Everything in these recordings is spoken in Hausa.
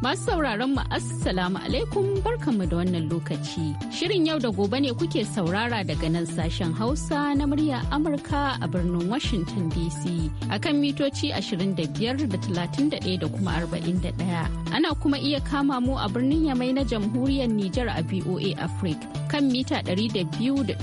Masu sauraron mu Assalamu alaikum barkanmu da wannan lokaci. Shirin yau da gobe ne kuke saurara daga nan sashen Hausa na murya Amurka a birnin Washington DC akan mitoci 25 da 31 da kuma 41. Ana kuma iya kama mu a birnin Yamai na Jamhuriyar Nijar a VOA Africa kan mita 200.5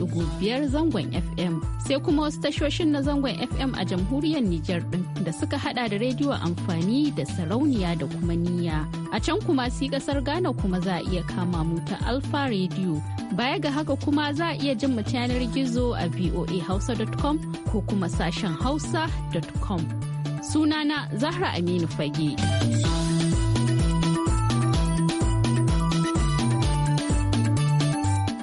zangon FM. Sai kuma wasu tashoshin na zangon FM a Jamhuriyar Nijar din da suka hada da rediyo amfani da sarauniya da kuma niyya. A can kuma si kasar Ghana kuma za a iya kama mu ta Alfa Radio. Baya ga haka kuma za a iya jin mu yanar gizo a voahausa.com ko kuma sashen hausa.com. Sunana Zahra Aminu Fage.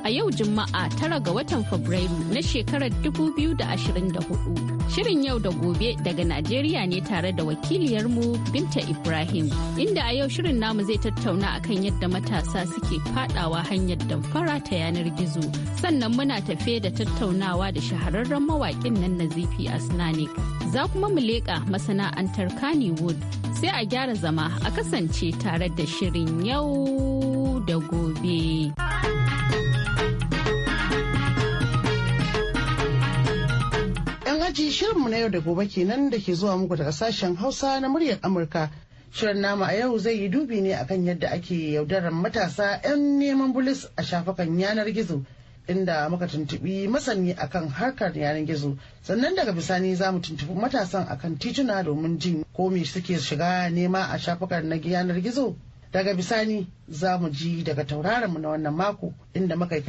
A yau Juma'a tara ga watan Fabrairu na shekarar 2024. Shirin yau da gobe daga Najeriya ne tare da wakiliyarmu Binta Ibrahim, inda a yau shirin namu zai tattauna akan yadda matasa suke fadawa hanyar damfara ta yanar gizo. Sannan muna tafe da tattaunawa da shahararren mawaƙin nan Nazifi Asnanik. Za kuma mu leƙa masana'antar Kannywood sai a gyara zama a kasance tare da shirin yau da gobe. alhaji shirinmu na yau da gobe kenan da ke zuwa muku daga sashen hausa na muryar amurka shirin nama a yau zai yi dubi ne akan yadda ake yaudarar matasa 'yan neman bulis a shafukan yanar gizo inda muka tuntubi masani akan harkar yanar gizo sannan daga bisani za mu tuntubi matasan akan tituna domin jin ko me suke shiga nema a shafukan na yanar gizo daga bisani za mu ji daga tauraronmu na wannan mako inda muka yi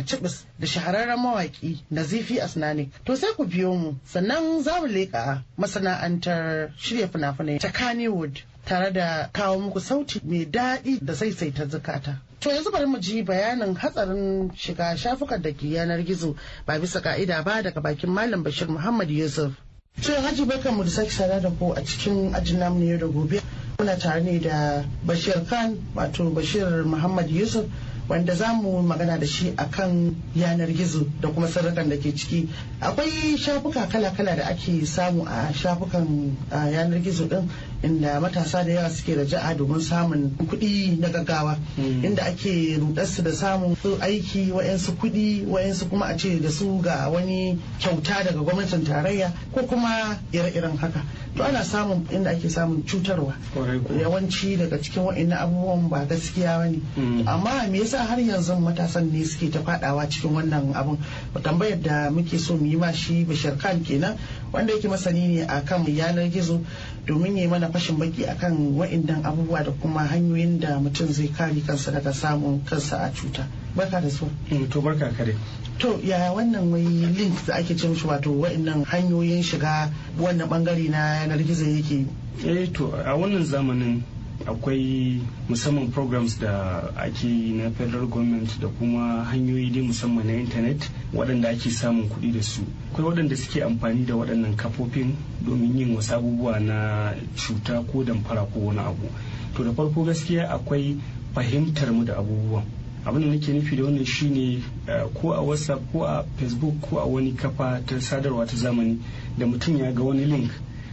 da shahararren mawaƙi nazifi asnani to sai ku biyo mu sannan za mu leƙa masana'antar shirya fina-finai ta kannywood tare da kawo muku sauti mai daɗi da saisaita zukata to yanzu bari mu ji bayanin hatsarin shiga shafukan da ke yanar gizo ba bisa ka'ida ba daga bakin malam bashir muhammad yusuf Cin haji barkan mu da sake sada da ku a cikin ajin namu ne da gobe. Muna tare ne da Bashir Khan wato Bashir Muhammad Yusuf wanda za mu magana da shi akan yanar gizo da kuma sarrakan da ke ciki akwai shafuka kala-kala da ake samu a shafukan yanar gizo din inda matasa da yawa suke raja'a domin samun kuɗi na gaggawa hmm. inda ake rudarsu da samun su aiki wa'yansu kuɗi wa'yansu kuma a ce da su ga wani kyauta daga gwamnatin tarayya ko kuma ire-iren haka to ana samun inda ake samun cutarwa yawanci daga cikin wa'annan abubuwan ba gaskiya ba ne hmm. amma me yasa har yanzu matasan ne suke ta fadawa cikin wannan abun tambayar da muke so mu yi ma shi bashar khan kenan wanda yake masani ne akan yanar gizo domin ya mana fashin baki akan wa'annan abubuwa da kuma hanyoyin da mutum zai kare kansa daga samun kansa a cuta. barka da su eh, to barka kare to yaya wannan wai link da ake ce mishi wato wa'annan hanyoyin shiga wannan bangare na yanar gizo yake eh to a wannan zamanin akwai musamman programs da ake yi na federal government da kuma hanyoyi dai musamman na internet waɗanda ake samun kuɗi da su akwai waɗanda suke amfani da waɗannan kafofin domin yin wasu abubuwa na cuta ko damfara ko wani abu to da farko gaskiya akwai fahimtar mu da abubuwan abin da nake nufi da wannan shine eh, ko a whatsapp ko a facebook ko a wani kafa ta sadarwa ta zamani da mutum ya ga wani link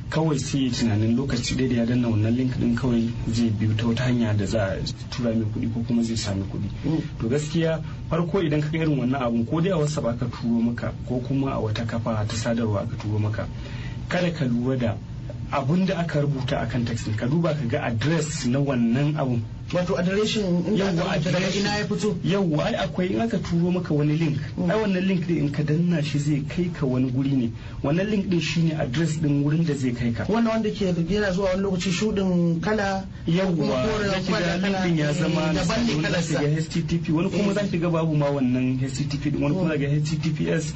kawai sai ya tunanin lokaci ɗaya da ya danna wannan link din kawai zai biyu ta wata hanya da za a tura mai kuɗi ko kuma zai sami kuɗi mm. to gaskiya farko idan ka irin wannan abun ko dai a whatsapp aka turo maka ko kuma a wata kafa ta sadarwa aka turo maka kada ka lura da abun da aka rubuta akan taxi ka duba ka ga address na wannan abun wato adireshin yawwa daga ina ya fito yawwa ai akwai in aka turo maka wani link mm. ai wannan link din in ka danna shi zai kai ka wani guri ne wannan link din shine address din wurin da zai kai ka wannan wanda ke yana zuwa wani lokaci shudin kala yawwa zaki da link din ya zama na wani zaki ga http eh, wani kuma eh. zaki ga babu ma wannan http wani kuma mm. ga https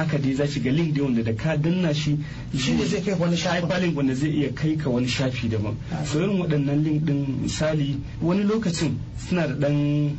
haka dai za ga link da wanda da ka danna shi shi ne zai kai wani shafi link wanda zai iya kai ka wani shafi daban so irin waɗannan link din misali wani lokacin suna da dan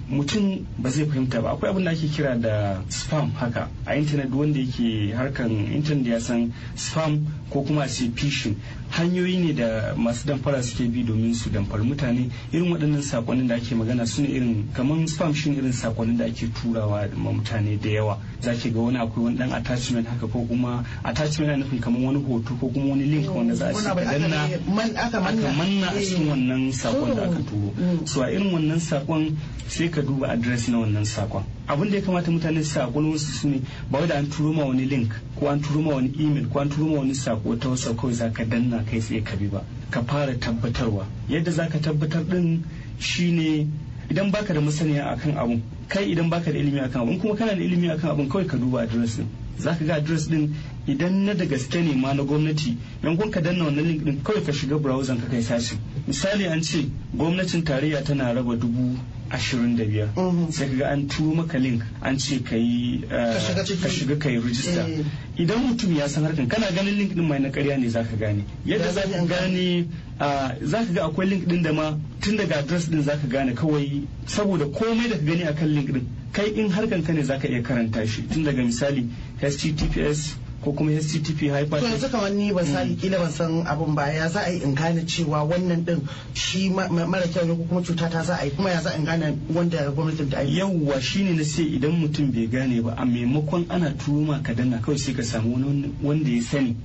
mutum ba zai fahimta ba akwai abin da ake kira da spam haka a intanet wanda yake harkan intanet ya san spam ko kuma a ce phishing hanyoyi ne da masu damfara suke bi domin su damfari mutane irin waɗannan sakonnin da ake magana su ne irin kamar spam shi irin sakonnin da ake turawa ma mutane da yawa za ki ga wani akwai wani dan attachment haka ko kuma attachment na nufin kamar wani hoto ko kuma wani link wanda za a ce ka danna aka manna a cikin eh. wannan sakon da aka turo mm. so a irin wannan sakon sai ka duba address na wannan sakon abin da ya kamata mutane su sakon wasu su ne ba wai da an turo ma wani link ko an turo ma wani email ko an turo ma wani sako ta wasa kawai za ka danna kai tsaye ka bi ba ka fara tabbatarwa yadda za ka tabbatar din shine idan baka da masaniya akan abun kai idan baka da ilimi akan abun kuma kana da ilimi akan abun kawai ka duba address din zaka ga address din idan na da gaske ne ma na gwamnati yankun ka danna wannan link din kawai ka shiga browser ka kai sashi misali an ce gwamnatin tarayya tana raba dubu ashirin da biyar mm-hmm. sai ga an turo maka link an ce ka yi eh, ka shiga ka yi rijista eh. idan mutum ya san harkan kana ganin link din mai na karya ne zaka gane yadda zaka gane ah, zaka ga akwai link din da ma tun daga address din zaka gane kawai saboda komai da ka gani akan link din kai in harkan ka ne za ka iya karanta shi tun daga misali https ko kuma hctp hyper to yanzu kamar ni ban san kila ban san abun ba ya za a yi in gane cewa wannan din shi mara kyau ne ko kuma cuta ta za a yi kuma ya za in gane wanda gwamnatin ta yi yawwa shine na sai idan mutum bai gane ba a maimakon ana turo ma ka danna kawai sai ka samu wanda ya sani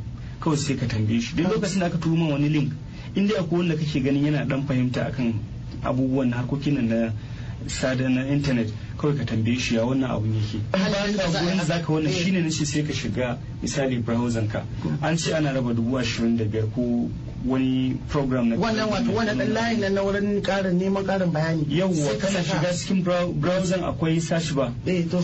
kawai sai ka tambaye shi duk lokacin da aka turo ma wani link inda akwai wanda kake ganin yana dan fahimta akan abubuwan harkokin na sada na intanet kawai ka tambaye shi ya wannan abun yake bayan ka za ka wannan shine nace sai ka shiga misali browser ka an ce ana raba dubu ashirin da biyar ko wani program na wannan wato wannan dan layin na wurin karin neman karin bayani yawwa kana shiga cikin browser akwai search bar eh to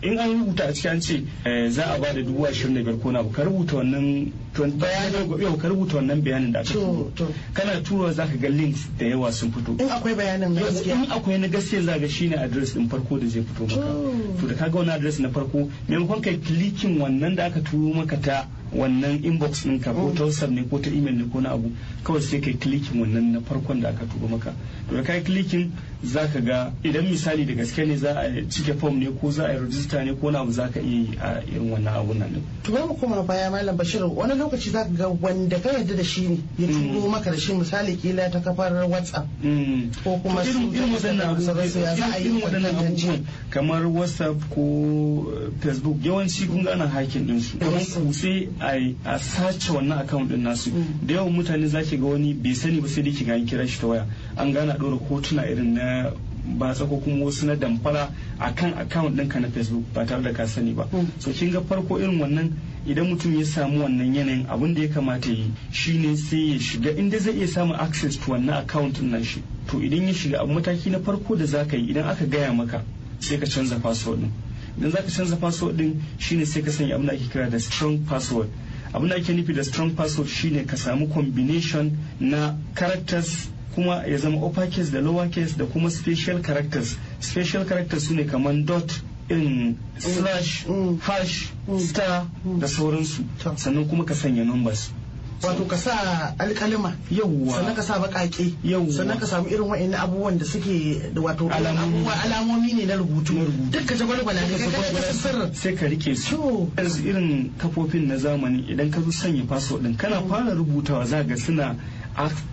in an rubuta a cikin ce eh, za a ba da dubu ashirin da biyar ko na ka rubuta wannan ka rubuta wannan bayanin da aka turo kana turo za ka ga links da yawa sun fito in akwai bayanin na gaskiya in akwai na gaskiya za ga shine address din farko da zai fito maka oh. to da kaga wani adres na farko maimakon kai klikin wannan da aka turo maka ta wannan inbox ɗinka ko oh. ta whatsapp ne ko ta email ne ko na abu kawai sai kai klikin wannan na farkon da aka tuba maka to da kai klikin za ka ga idan misali da gaske ne za a cike form ne ko za a yi rajista ne ko na abu za ka iya yi a irin wannan abun nan to mu koma baya malam bashir wani lokaci za ka ga wanda ka yarda da shi ne ya mm. tuno maka da shi misali kila ta kafar whatsapp mm. ko kuma su irin wannan abubuwan kamar whatsapp ko eh, facebook yawanci kun ga ana hakin ɗinsu kamar sai. a sace wannan account din nasu mm. da yawan mutane za ki ga wani bai sani ba sai dai ki ga kira shi ta waya an gana dora kotuna irin na batsa ko kuma wasu na damfara a kan account ɗinka na facebook ba tare da ka sani ba mm. so kin ga farko irin wannan idan mutum ya samu wannan yanayin abin da ya kamata yi shine sai ya shiga inda zai iya samun access to wannan account nan shi to idan ya shiga abu mataki na farko da za ka yi idan aka gaya maka sai ka canza password din dan zaka canza password din shine sai ka sanya abin da ake kira da strong password abin da ake nufi da strong password shine ka samu combination na characters kuma ya zama upper case da lower case da kuma special characters special characters sune kamar dot in slash mm. hash mm. star da sauransu sannan kuma ka sanya numbers wato ka sa alkalima yawwa sannan ka sa baƙaƙe yawwa sannan ka samu irin wa'in abubuwan da suke wato alamomi ne na rubutu duk ka jagwalgwala ba na sirrin sai ka rike su yanzu irin kafofin na zamani idan ka zo sanya password din kana mm. fara rubutawa za ga suna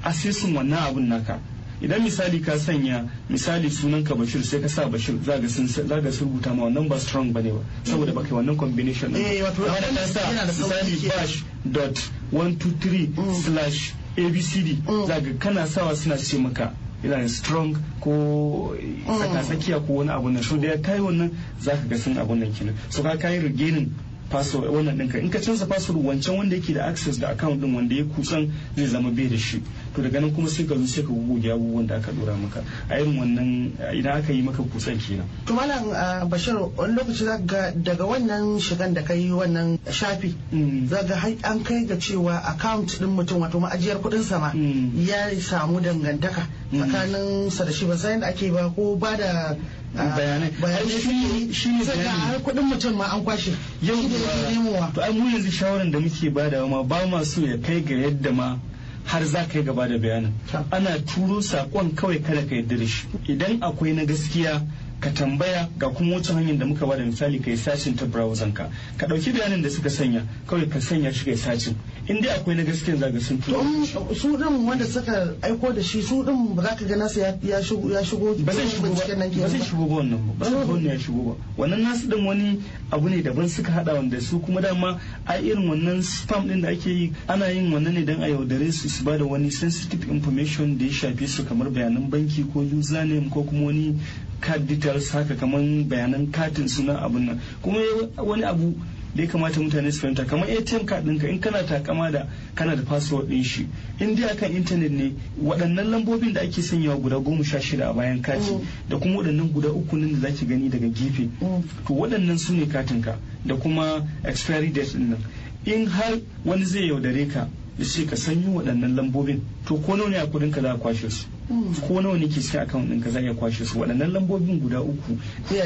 asisin wannan abun naka idan misali ka sanya misali sunan ka bashir sai ka sa bashir zaga sun zaga sun rubuta ma wannan ba strong bane ba saboda baka wannan combination eh wato ka sa misali bash dot 123 mm. slash abcd mm. zaga kana sawa suna ce maka yana strong ko mm. saka tsakiya ko wani abu nan so da ya kai wannan zaka ga sun abun nan kenan so ka kai regenin password wannan ɗinka in ka canza password wancan wanda yake da access da account din wanda ya kusan zai zama bai da shi to daga nan kuma sai ka zo sai ka goge abubuwan da aka dora maka a irin wannan idan aka yi maka kusan kenan to malam ah, bashir wani lokaci ga daga wannan shigan da kai wannan shafi mm. zaga har an kai ga cewa account din mutum wato ma'ajiyar kuɗin sa ma mm. ya samu dangantaka mm. tsakanin sa da shi ba sai da ake ba ko ba da ah, bayanai bayanai shi ne ga kudin mutum ma an kwashe yau da ya to ai mu yanzu shawaran da muke badawa ma ba ma so ya kai ga yadda ma har za ka yi gaba da bayanin ana turo saƙon kawai kada ka yi dirish idan akwai na gaskiya ka tambaya ga kuma wacce hanyar da muka bada misali ka yi sashin ta browser ka ka ɗauki bayanin da suka sanya kawai ka sanya shi ka yi sashin in dai akwai na gaskiyan zaga sun to su din wanda suka aiko da shi su din ba za ka ga su ya shigo ya shigo ba zai shigo ba zai shigo ba wannan ba zai wannan ya shigo ba wannan nasu din wani abu ne daban suka hada wanda su kuma dama a irin wannan spam din da ake yi ana yin wannan ne dan a yaudare su su bada wani sensitive information da ya shafi su kamar bayanan banki ko username ko kuma wani card details haka kamar bayanan katin suna abun nan kuma wani abu da ya kamata mutane su fahimta kamar atm card ɗinka in kana takama da kana da password ɗin shi in dai akan intanet ne waɗannan lambobin da ake sanyawa guda goma sha shida a bayan kati mm. da kuma waɗannan guda uku nan da zaki gani daga gefe mm. to waɗannan su ne katinka da kuma expiry date ɗin nan in har wani zai yaudare ka ya ce ka sanyo waɗannan lambobin to ko nawa ne a kuɗinka za a kwashe su ko nawa ne ke cikin account ɗinka ka zai iya kwashe su waɗannan lambobin guda uku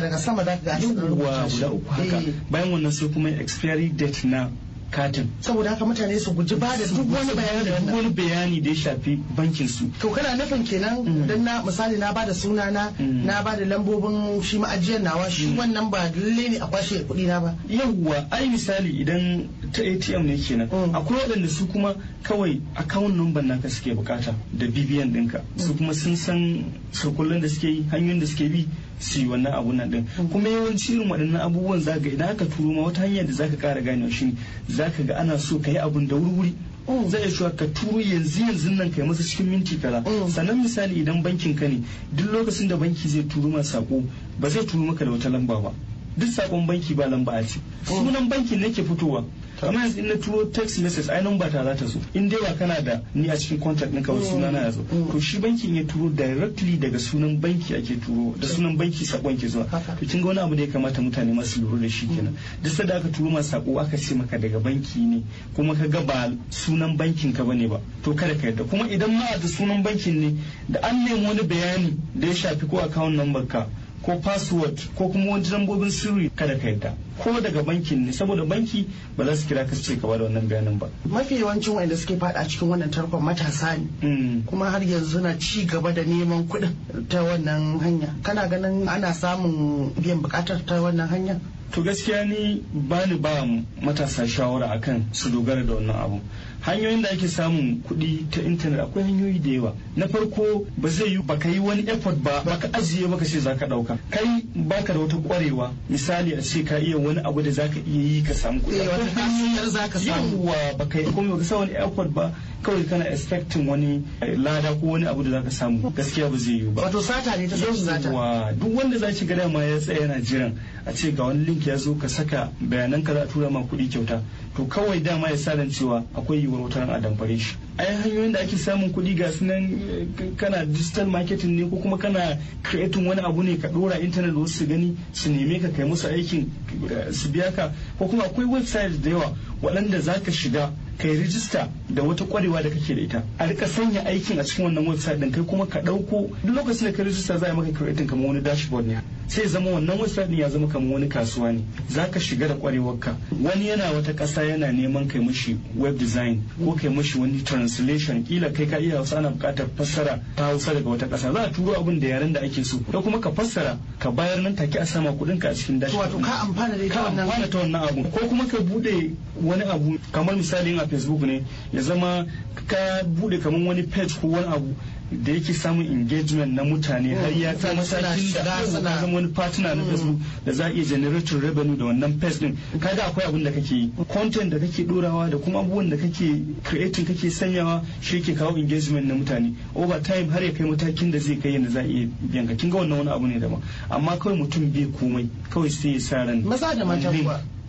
daga sama da guda uku haka eh. bayan wannan sai kuma expiry date na katin saboda haka mutane su guji ba da duk wani bayani da duk wani bayani da ya shafi bankin su to kana nufin kenan mm. dan na misali na bada suna mm. na na bada lambobin shi ma'ajiyar nawa shi mm. wannan ba lalle ne a kwashe kuɗi na ba yawwa ai misali idan ta ATM ne kenan akwai waɗanda su kuma kawai account number naka suke bukata da BBN ɗinka su kuma sun san surkullen da suke yi hanyoyin da suke bi su yi wannan abun nan din kuma yawanci irin waɗannan abubuwan za ga idan aka turo ma wata hanyar da za ka ƙara gane shi za ka ga ana so ka yi abun da wuri-wuri mm. zai iya shuwa ka turu yanzu yanzu nan ka yi masa cikin minti kaza mm. sannan misali idan bankin ka ne duk lokacin da banki zai turo ma sako ba zai turu maka da wata lamba ba duk sakon banki ba lamba a ci hmm. sunan bankin nake fitowa amma yanzu in na turo text message ai number ta za ta zo in dai ba kana da ni a cikin contact ɗin kawai hmm. suna na yazo hmm. to shi bankin ya turo directly daga sunan banki ake turo da sunan banki sakon ke zuwa to kin ga wani abu da ya kamata mutane masu lura da shi kenan duk da aka turo ma sako aka ce maka daga banki ne kuma ka ga ba sunan bankin ka bane ba to kada ka yarda kuma idan ma da sunan bankin ne da an nemi wani bayani da ya shafi ko account number ka ko password ko kuma wani lambobin sirri kada ka yadda ko daga bankin ne saboda banki ba za su kira ka ce ka bada wannan bayanin ba mafi yawancin wanda suke fada cikin wannan tarkon matasa ne hmm. kuma har yanzu na ci gaba da neman kuɗin ta wannan hanya kana ganin ana samun biyan bukatar ta wannan hanya to gaskiya ni bani ba matasa shawara akan su dogara da wannan abu hanyoyin da ake samun kuɗi ta intanet akwai hanyoyi da yawa na farko ba zai yi baka yi wani effort ba baka ajiye baka ce zaka ɗauka kai baka da wata kwarewa misali a ce ka iya wani abu da zaka iya yi ka samu kuɗi eh, akwai hanyoyin zaka samu yawa baka yi komai baka sa wani effort ba kawai kana expecting wani eh, lada ko wani abu da zaka samu gaskiya ba zai yi ba wato sata ne ta zo sata duk wanda za ki gada ma ya tsaya yana jiran a ce ga wani link ya zo ka saka bayanan ka za a tura ma kuɗi kyauta to kawai dama ya sa cewa akwai yiwuwar wutar a damfare shi ai hanyoyin da ake samun kuɗi ga su nan eh, kana digital marketing ne ko kuma kana creating wani abu ne ka dora intanet da wasu su gani su neme ka kai musu aikin eh, su biya ka ko kuma akwai website da yawa waɗanda za ka shiga kai rijista da wata kwarewa da kake da ita a rika sanya aikin a cikin wannan website din kai kuma ka dauko duk lokacin da ka rijista za a maka creating kamar wani dashboard ne sai zama wannan website din ya zama kamar wani kasuwa ne za ka shiga da kwarewarka wani yana wata kasa yana neman kai mishi web design ko kai mishi wani translation kila kai ka iya hausa ana buƙatar fassara ta hausa daga wata kasa za a turo abin da yaren da ake so ko kuma ka fassara ka bayar nan take a sama kuɗin ka a cikin dashboard wato ka amfana da ita wannan ta wannan abu ko kuma ka bude wani abu kamar misali a facebook ne ya zama ka bude kamar wani page ko wani abu da yake samun engagement na mutane har ya ta matakin da ka zama wani partner na facebook da za a iya generating revenue da wannan page din ka ga akwai abin da kake yi content da kake dorawa da kuma abubuwan da kake creating kake sanyawa shi ke kawo engagement na mutane over time har ya kai matakin da zai kai yadda za a iya biyan ka kinga wannan wani abu ne daban amma kawai mutum bai komai kawai sai ya sa ran da mata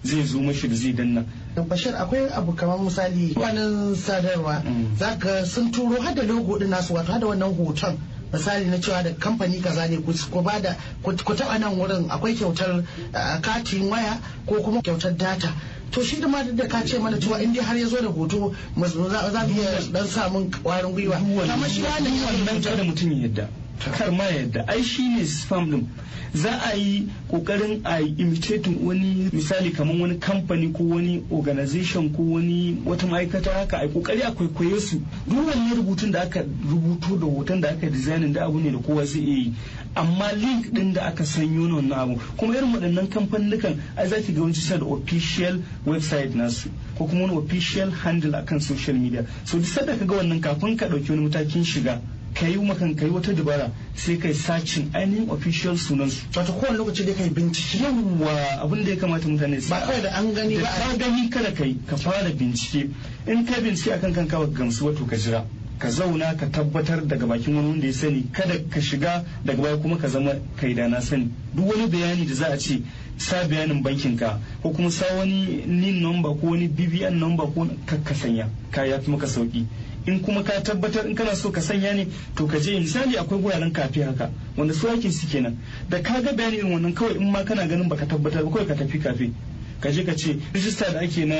zai zo mashi da zai danna bashir akwai abu kamar misali kwanan sadarwa mm. Za ka sun turo hada logo din nasu wato hada wannan hoton misali na cewa da kamfani kaza ne ku ba da ku taba nan wurin akwai kyautar eh, katin waya ko kuma kyautar data to shi da ma da ka ce mana cewa in dai har ya zo da hoto za mu iya dan samun kwarin gwiwa amma shi da mutum yadda kar ma yadda ai shi ne spam din za a yi kokarin a imitating wani misali kamar wani kamfani ko wani organization ko wani wata ma'aikata haka a kokari a kwaikwaye su duk wani rubutun da aka rubuto da hoton da aka designing da abu ne da kowa zai yi amma link din da aka sanyo na wannan abu kuma irin waɗannan kamfanin ai za ki ga wani da official website nasu ko kuma wani official handle akan social media so duk sadda ka ga wannan kafin ka ɗauki wani matakin shiga ka yi makan ka yi wata dabara sai kai sacin ainihin official sunan su wata kowane lokaci dai kai bincike yawa abin da ya kamata mutane su ba kawai da an gani ba ka gani kada kai ka fara bincike in ka bincike akan kan kawai gamsu wato ka jira ka zauna ka tabbatar daga bakin wani wanda ya sani kada ka shiga daga baya kuma ka zama kai da na sani duk wani bayani da za a ce sa bayanin bankin ka ko kuma sa wani nin number ko wani bbn number ko ka ka sanya ka maka sauki in kuma ka tabbatar in kana so ka sanya ne to ka je misali akwai guraren kafi haka wanda su aikin su kenan da ka ga bayanin irin wannan kawai in ma kana ganin baka tabbatar ba kawai ka tafi kafi ka je ka ce rijista da ake na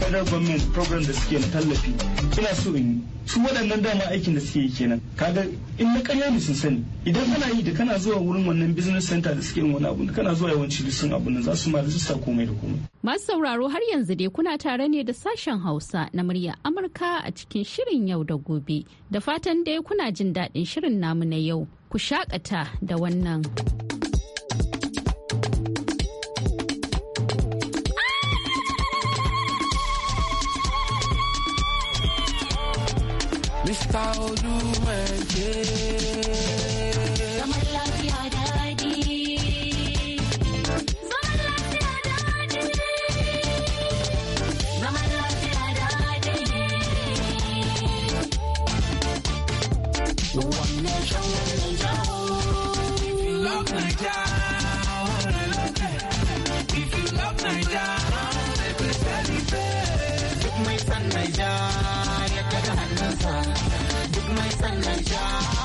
federal government program da suke na tallafi ina so in yi su waɗannan dama aikin da suke yi kenan kaga in na karya ne sun sani idan kana yi da kana zuwa wurin wannan business center da suke yin wani abu kana zuwa yawanci duk sun abu za su ma rijista komai da komai masu sauraro har yanzu dai kuna tare ne da sashen hausa na murya amurka a cikin shirin yau da gobe da fatan dai kuna jin daɗin shirin namu na yau ku shakata da wannan. Mr. Odumeje. Yeah.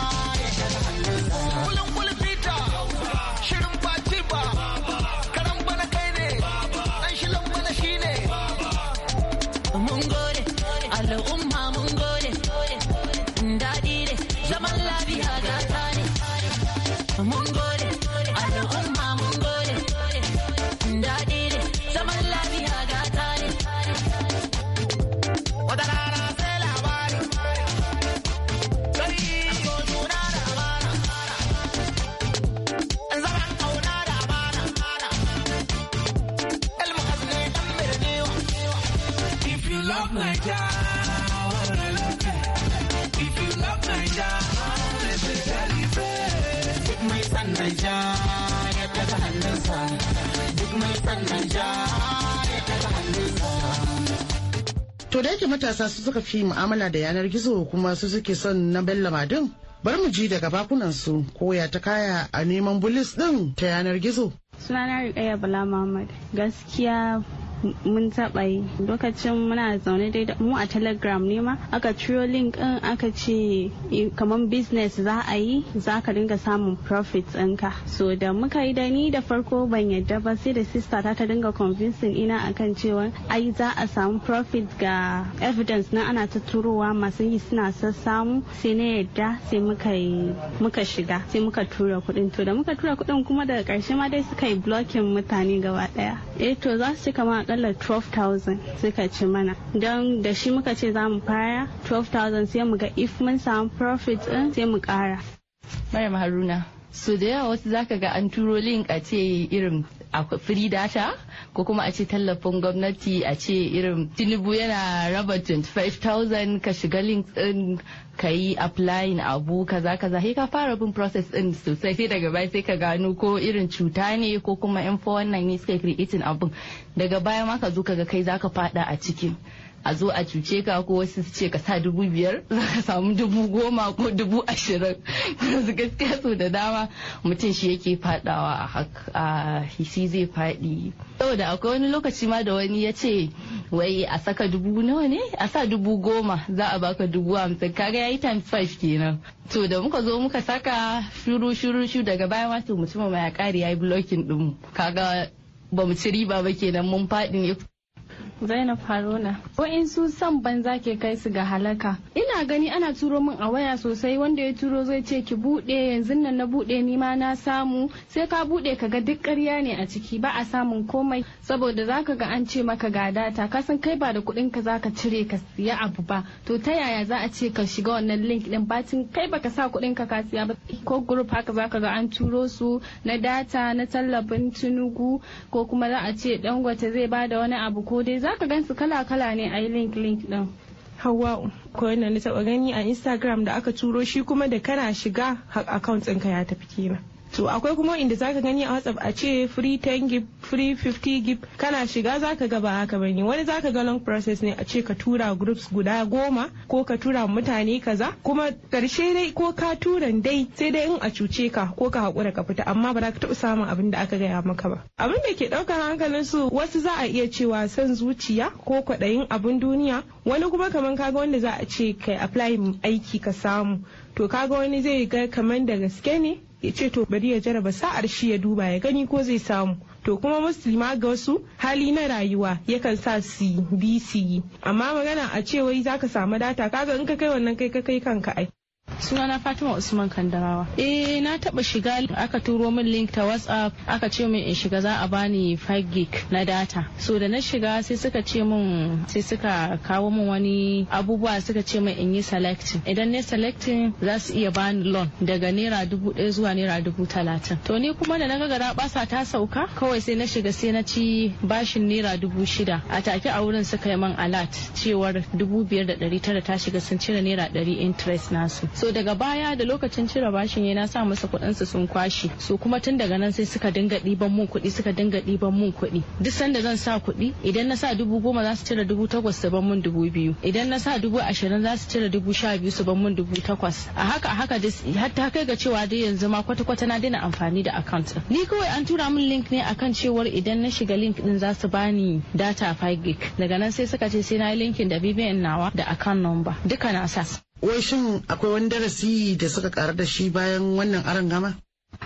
matasa su suka fi mu'amala da yanar gizo kuma su suke son na bello madin bar mu ji daga bakunan su koya ta kaya a neman bulis din ta yanar gizo sunana rikaya bala muhammad gaskiya mun taba yi lokacin muna zaune dai da mu a telegram ne ma aka ciro link ɗin aka ce eh, kamar business za a yi za ka dinga samun profit ɗinka so da muka yi da ni da farko ban yadda ba sai da sista ta ta dinga convincing ina akan cewa ai za a samu profit ga evidence na ana ta turowa masu yi suna sassamu sai na yadda sai muka yi muka shiga sai muka tura kuɗin to da muka tura kuɗin kuma daga karshe ma dai suka yi blocking mutane gaba ɗaya eh to za su ci kama akalla 12,000 suka ci mana don da shi muka ce za mu fara 12,000 sai mu ga if mun samu profit din sai mu kara. Maryam Haruna, so da yawa wasu zaka ga an turo link a ce irin free data ko kuma a ce tallafin gwamnati a ce irin tinubu yana raba 25,000 ka shiga links din ka yi applying abu kaza kaza sai ka fara bin process din sosai sai daga baya sai ka gano ko irin cuta ne ko kuma yan ne suka creating abun daga baya ma ka zo kaga kai ka fada a cikin a zo a cuce ka ko wasu su ce ka sa dubu biyar za ka samu dubu goma ko dubu ashirin su gaskiya so da dama mutum shi yake fadawa a hisi zai fadi da akwai wani lokaci ma da wani ya ce wai a saka dubu nawa ne a sa dubu goma za a baka dubu hamsin kaga ya yi times five kenan to da muka zo muka saka shuru shuru shu daga baya ma to mutumin ma ya kare yi blocking din kaga ba mu ci riba ba kenan mun faɗi ne Zainab Haruna. su san banza ke kai su ga halaka. Ina gani ana turo min a waya sosai wanda ya turo zai ce ki buɗe yanzu nan na buɗe ni ma na samu sai ka buɗe ka ga duk ƙarya ne a ciki ba a samun komai saboda zaka ga an ce maka ga data ka san kai ba da kuɗin ka zaka cire ka siya abu ba to ta yaya za a ce ka shiga wannan link din bacin kai baka sa kuɗin ka ka siya ba ko group haka zaka ga an turo su na data na tallafin tunugu ko kuma za a ce dangote zai bada wani abu ko dai zaka gan su kala-kala ne a yi link-link din. hawa ko wanda na taɓa gani a Instagram da aka turo shi kuma da kana shiga account ɗinka ya tafi kenan. to akwai kuma inda zaka gani a whatsapp a ce free 10 gig free 50 gig kana shiga zaka ga ba haka bane wani zaka ga long process ne a ce ka tura groups guda goma ko ka tura mutane kaza kuma karshe dai ko ka tura dai sai dai in a cuce ka ko ka hakura ka fita amma ba za ka taɓa samun abin da aka gaya maka ba abin da ke ɗaukar hankalin su wasu za a iya cewa son zuciya ko kwaɗayin abin duniya wani kuma kamar kaga wanda za a ce kai apply aiki ka samu to kaga wani zai ga kaman da gaske ne yace to bari ya jaraba sa'ar shi ya duba ya gani ko zai samu to kuma musulma ga wasu hali na rayuwa yakan sa su bi su yi amma magana a ce wai zaka samu data kaga in ka kai wannan kai ka kai kanka ai sunana fatima usman kandarawa eh na taba shiga aka turo min link ta whatsapp aka ce min in shiga za a bani 5 gig na data so da na shiga sai suka ce min sai suka kawo min wani abubuwa suka ce min in yi selecting idan ne selecting za su iya bani loan daga naira dubu ɗaya zuwa naira dubu talatin to ni kuma da na ga gara basa ta sauka kawai sai na shiga sai na ci bashin naira dubu shida a take a wurin suka yi min alert cewar dubu biyar da ɗari tara ta shiga sun cire naira ɗari interest nasu so daga baya da lokacin cire bashin ya sa masa kuɗin su sun kwashe so kuma tun daga nan sai suka dinga ɗiban mun kuɗi suka dinga ɗiban mun kuɗi duk sanda zan sa kuɗi idan na sa dubu goma za su cire dubu takwas su ban mun dubu biyu idan na sa dubu ashirin za su cire dubu sha biyu su ban mun dubu takwas a haka a haka har ta kai ga cewa dai yanzu ma kwata kwata na daina amfani da account ni kawai an tura min link ne akan cewar idan na shiga link din za su bani data 5 gig daga nan sai suka ce sai na yi linkin da bbn nawa da account number duka na sa wai shin akwai wani darasi da suka karu da shi bayan wannan aron gama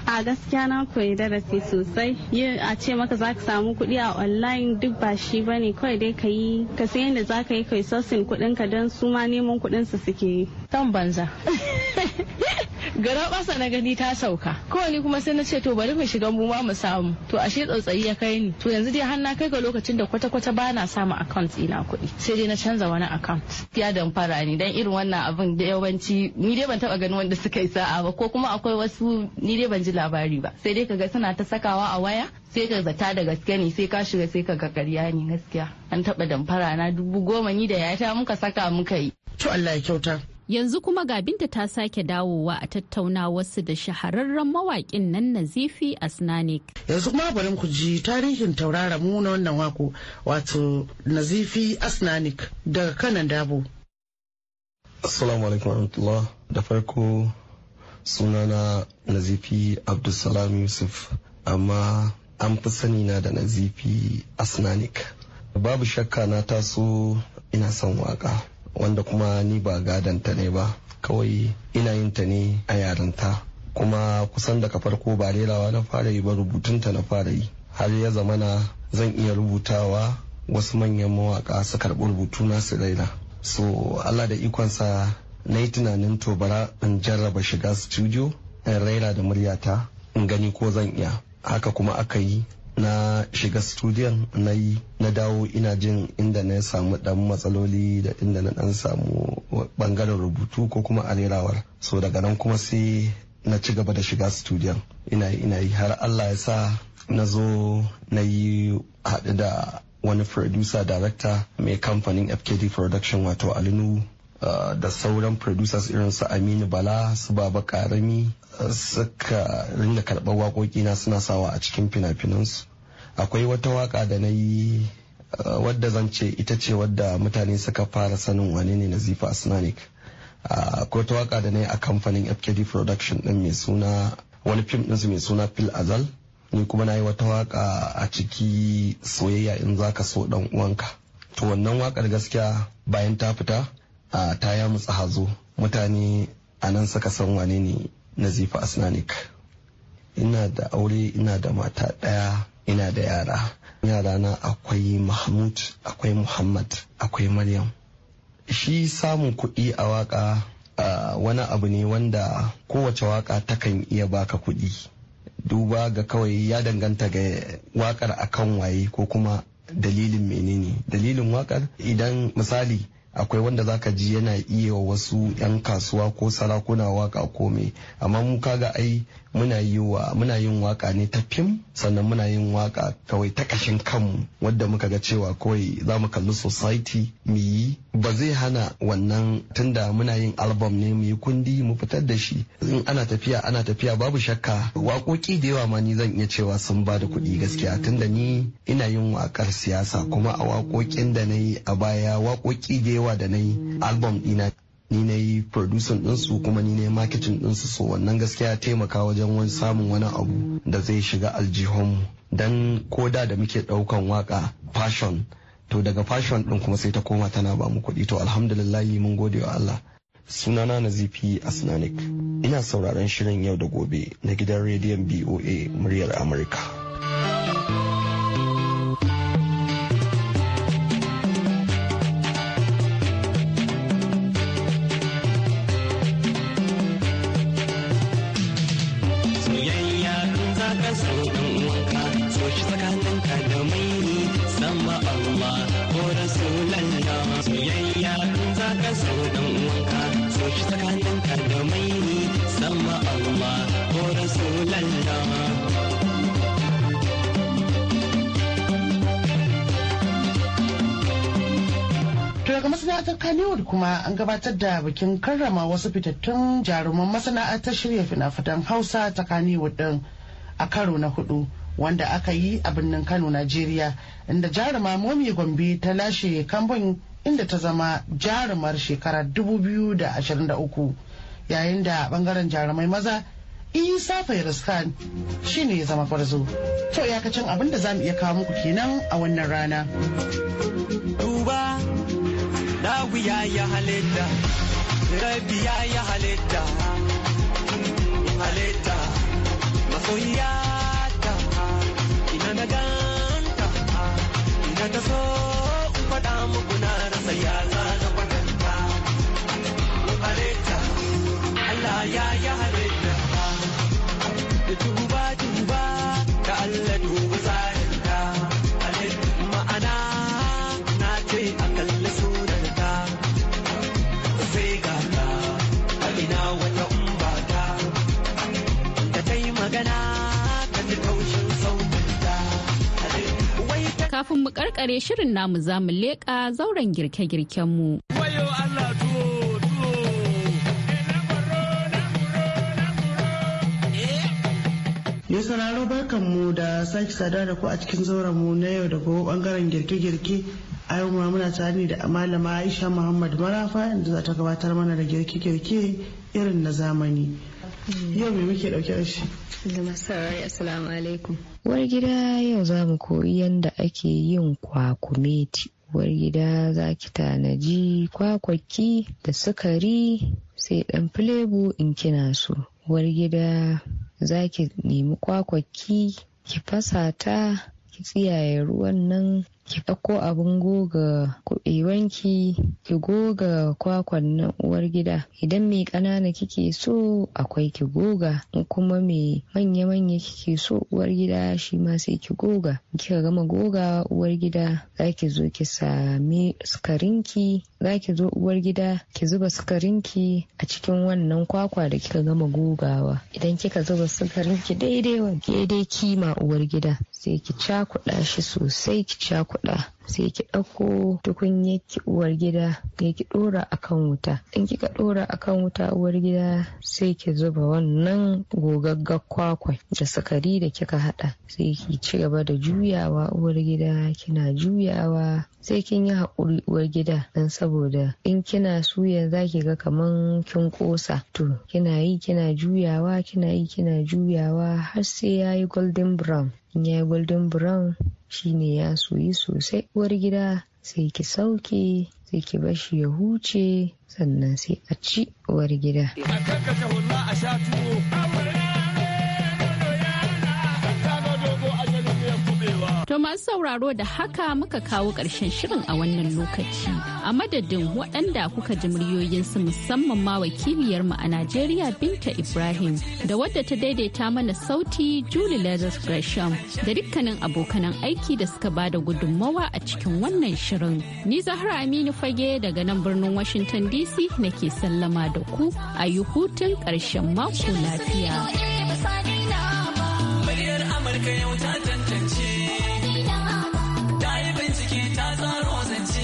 a gaskiya na koyi darasi sosai yin a ce maka za ka samu kuɗi a online duk ba shi ba ne kawai dai ka yi ka san yadda za ka yi kai sosin kuɗin ka don su ma neman kuɗin su suke yi. Kan banza. gara basa na gani ta sauka kawai ni kuma sai na ce to bari mu shiga mu ma mu samu to ashe tsautsayi ya kai ni to yanzu dai har na kai ga lokacin da kwata kwata bana samu account ina kuɗi sai dai na canza wani account ya damfara ni dan irin wannan abin da yawanci ni dai ban taba ganin wanda suka yi sa'a ba ko kuma akwai wasu ni dai ban ji labari ba sai dai kaga suna ta sakawa a waya sai ka zata da gaske ne sai ka shiga sai ka ga ƙarya ne gaskiya an taba damfara na dubu goma ni da yata muka saka muka yi to Allah ya kyauta Yanzu kuma ga binta ta sake dawowa a tattauna wasu da shahararren mawaƙin nan Nazifi Asnanik. Yanzu kuma bari ku ji tarihin taurara mu na wannan wako wato Nazifi Asnanik daga kanan dabo. Assalamu alaikum warahmatullah da farko sunana Nazifi Abdulsalam Yusuf amma an fi sani na da Nazifi Asnanik. Babu shakka na taso ina son waka. wanda kuma ni ba gadon ta ne ba kawai ina yin ta ne a yarinta kuma kusan daga farko ba rerawa na fara yi ba rubutunta na fara yi har ya zamana zan iya rubutawa wasu manyan mawaka su karɓi rubutu na su raira so allah da ikonsa na yi tunanin to in jarraba shiga studio in raira da muryata in gani ko zan iya haka kuma aka yi na shiga studiyon na yi na dawo ina jin inda na samu dan matsaloli da inda na dan samu bangaren rubutu ko kuma alerawar so daga nan kuma sai na ci gaba da shiga studiyon ina yi ina yi har allah ya sa na zo na yi haɗu da wani producer director mai kamfanin fkd production wato alinu Eh, da sauran producers irin su aminu bala su baba karami eh, suka ringa karɓar waƙoƙina suna sawa a cikin fina-finansu akwai wata waƙa da na yi eh, wadda zan ce ita ce wadda mutane suka fara sanin wane ne nazifa Sinanik akwai wata waƙa da na yi a kamfanin fkd production din mai suna wani fim ɗinsu mai suna fil azal ni kuma na yi wata waka a ciki soyayya in zaka so ɗan uwanka to wannan wakar gaskiya bayan ta fita a ta ya mutsa hazo mutane a nan suka san wane ne nazifa asnanik ina da aure ina da mata ɗaya ina da yara yara na akwai mahmud akwai muhammad akwai maryam shi samun kuɗi a waka. wani abu ne wanda kowace waƙa takan iya baka kuɗi duba ga kawai ya danganta ga waƙar akan waye ko kuma dalilin menene dalilin wakar idan misali akwai wanda za ka ji yana iya wasu 'yan kasuwa ko sarakuna waka kome amma mu kaga ai muna yi wa muna yin waka ne ta fim sannan muna yin waka kawai ta kashin kanmu wadda muka ga cewa kawai za mu kalli society mu yi ba zai hana wannan tunda muna yin album ne mu yi kundi mu fitar da shi in ana tafiya ana tafiya babu shakka waƙoƙi da yawa ma ni zan iya cewa sun ba da kuɗi gaskiya tunda ni ina yin wakar siyasa kuma a waƙoƙin da na yi a baya waƙoƙi da yawa yawa da na yi album dina ni na yi producing ɗinsu kuma ni na yi marketing ɗinsu so wannan gaskiya taimaka wajen wani samun wani abu da zai shiga mu dan koda da muke ɗaukan waka fashion to daga fashion din kuma sai ta koma tana ba mu kuɗi to alhamdulillahi mun gode wa Allah sunana na Nazifi Asnanik ina sauraron shirin yau da gobe na gidan rediyon BOA muryar Amurka. daga masana'antar kanewar kuma an gabatar da bikin karrama wasu fitattun jaruman masana'antar shirya fina-fitan hausa ta kanewar din a karo na hudu wanda aka yi a birnin kano najeriya inda jaruma momi gombe ta lashe kambun inda ta zama jarumar shekarar 2023 yayin da bangaren jarumai maza isa fairuz khan shine ya zama farzo to iyakacin abin da za mu iya kawo muku kenan a wannan rana Lawi ya yi halitta, Rabi ya yi halitta, halitta, masoyiya ta, ina na ganta, ina ta so in muku na rasa ya na kwadanta halitta, Allah ya yi halitta. Kafin mu karkare shirin namu za mu leƙa zauren girke-girkenmu. girken Mai sauraro mu da sake sada da ku a cikin zaurenmu na yau da gobe bangaren girke-girke a yau muna tare da malama Aisha Muhammad Marafa da za ta gabatar mana da girke-girke irin na zamani. yau mai muke dauke da shi assalamu alaikum war gida yau za mu koyi yadda ake yin kwakumeti war gida za ki tanaji kwakwaki da sukari sai dan filebu in kina so war gida za ki nemi kwakwaki ki fasa ta ki tsiyaye ruwan nan ki ɗauko abin goga kuɓewanki ki goga kwakwan nan uwar gida idan mai ƙanana kike so akwai ki goga kuma mai manya-manya kike so uwar gida shi ma sai ki goga kika gama goga uwar gida za ki zo ki sami sukarinki za ki zo uwar gida ki zuba sukarinki a cikin wannan kwakwa da kika gama gogawa idan kika zuba sukarinki daidai wa daidai kima uwar gida sai ki cakuɗa shi sosai ki cakuɗa uh. sai ki ɗauko tukunyar ki uwar gida ya ki ɗora a kan wuta in kika ɗora a kan wuta uwar gida sai ki zuba wannan gogaggar kwakwai da sakari da kika haɗa sai ki ci gaba da juyawa uwar gida kina juyawa sai kin yi haƙuri uwar gida don saboda in kina suya za ki ga kaman kin ƙosa to kina yi kina juyawa kina yi kina juyawa har sai ya yi golden brown in ya yi golden brown shine ya soyi sosai uwar gida sai ki sauke sai ki bashi ya huce sannan sai a ci uwar gida. To masu sauraro da haka muka kawo ƙarshen shirin a wannan lokaci. A madadin waɗanda kuka ji muryoyinsu musamman ma wakiliyarmu a Najeriya Binta Ibrahim da wadda ta daidaita mana sauti Julie Lazarus Gresham da dukkanin abokanan aiki da suka ba da gudunmawa a cikin wannan shirin. Ni Zahra Aminu Fage daga nan birnin Washington DC nake sallama da ku a yi hutun ƙarshen mako lafiya. yau ta